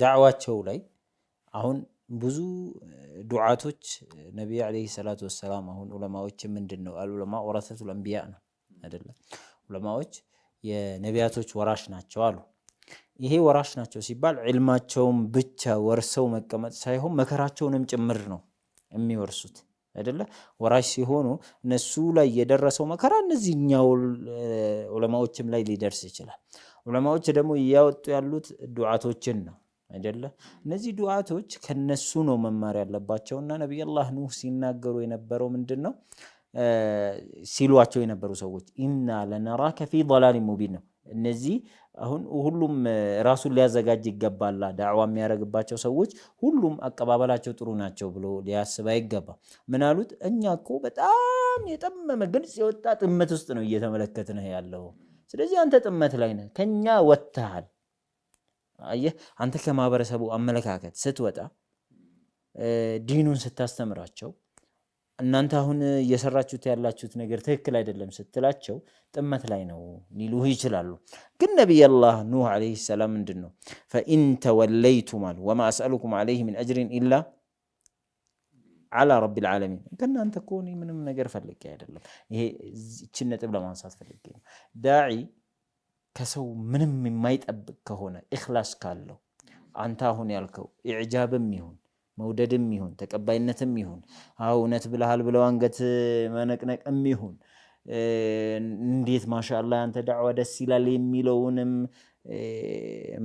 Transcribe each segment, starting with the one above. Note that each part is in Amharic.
ዳዕዋቸው ላይ አሁን ብዙ ዱዓቶች ነቢዩ ዓለይሂ ሰላቱ ወሰላም አሁን ዑለማዎች ምንድን ነው አልዑለማ ወራሰቱል አንቢያ ነው አይደለም። ዑለማዎች የነቢያቶች ወራሽ ናቸው አሉ። ይሄ ወራሽ ናቸው ሲባል ዕልማቸውም ብቻ ወርሰው መቀመጥ ሳይሆን መከራቸውንም ጭምር ነው የሚወርሱት አይደለ። ወራሽ ሲሆኑ እነሱ ላይ የደረሰው መከራ እነዚህኛው ዑለማዎችም ላይ ሊደርስ ይችላል። ዑለማዎች ደግሞ እያወጡ ያሉት ዱዓቶችን ነው አይደለ? እነዚህ ዱዓቶች ከነሱ ነው መማር ያለባቸውና ነቢዩላህ ኑህ ሲናገሩ የነበረው ምንድን ነው ሲሏቸው የነበሩ ሰዎች ኢና ለነራከ ፊ ላሊን ሙቢን ነው። እነዚህ አሁን ሁሉም ራሱን ሊያዘጋጅ ይገባላ። ዳዕዋ የሚያደርግባቸው ሰዎች ሁሉም አቀባበላቸው ጥሩ ናቸው ብሎ ሊያስብ አይገባ። ምናሉት እኛ እኮ በጣም የጠመመ ግልጽ የወጣ ጥመት ውስጥ ነው ነው ያለው። ስለዚህ አንተ ጥመት ላይ ነህ፣ ከኛ ወጥተሃል አየህ አንተ ከማህበረሰቡ አመለካከት ስትወጣ ዲኑን ስታስተምራቸው እናንተ አሁን እየሰራችሁት ያላችሁት ነገር ትክክል አይደለም ስትላቸው ጥመት ላይ ነው ሊሉህ ይችላሉ። ግን ነቢያላህ ኑህ ዓለይሂ ሰላም ምንድን ነው ፈኢን ተወለይቱም አሉ ወማ አስአሉኩም ዓለይህ ሚን አጅሪን ኢላ ዓላ ረቢል ዓለሚን። ከእናንተ እኮ እኔ ምንም ነገር ፈልጌ አይደለም። ይሄ እችን ነጥብ ለማንሳት ፈልጌ ነው ዳዒ ከሰው ምንም የማይጠብቅ ከሆነ ኢኽላስ ካለው አንተ አሁን ያልከው ኢዕጃብም ይሁን መውደድም ይሁን ተቀባይነትም ይሁን አዎ እውነት ብለሃል ብለው አንገት መነቅነቅም ይሁን እንዴት ማሻላ ያንተ ዳዕዋ ደስ ይላል የሚለውንም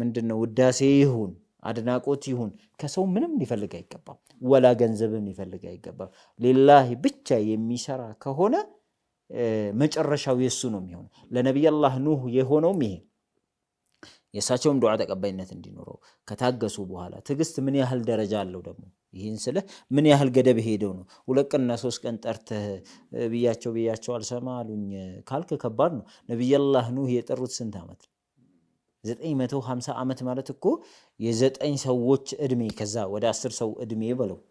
ምንድነው ውዳሴ ይሁን አድናቆት ይሁን ከሰው ምንም ሊፈልግ አይገባም። ወላ ገንዘብም ሊፈልግ አይገባም። ሊላሂ ብቻ የሚሰራ ከሆነ መጨረሻው የሱ ነው የሚሆነው። ለነቢይ አላህ ኑህ የሆነውም ይሄ የእሳቸውም ዱዓ ተቀባይነት እንዲኖረው ከታገሱ በኋላ ትዕግስት ምን ያህል ደረጃ አለው ደግሞ ይህን ስለ ምን ያህል ገደብ ሄደው ነው ሁለት ቀንና ሶስት ቀን ጠርተህ ብያቸው ብያቸው አልሰማ አሉኝ ካልክ ከባድ ነው። ነቢያላህ ኑህ የጠሩት ስንት ዓመት? ዘጠኝ መቶ ዓመት ማለት እኮ የዘጠኝ ሰዎች እድሜ ከዛ ወደ አስር ሰው እድሜ በለው።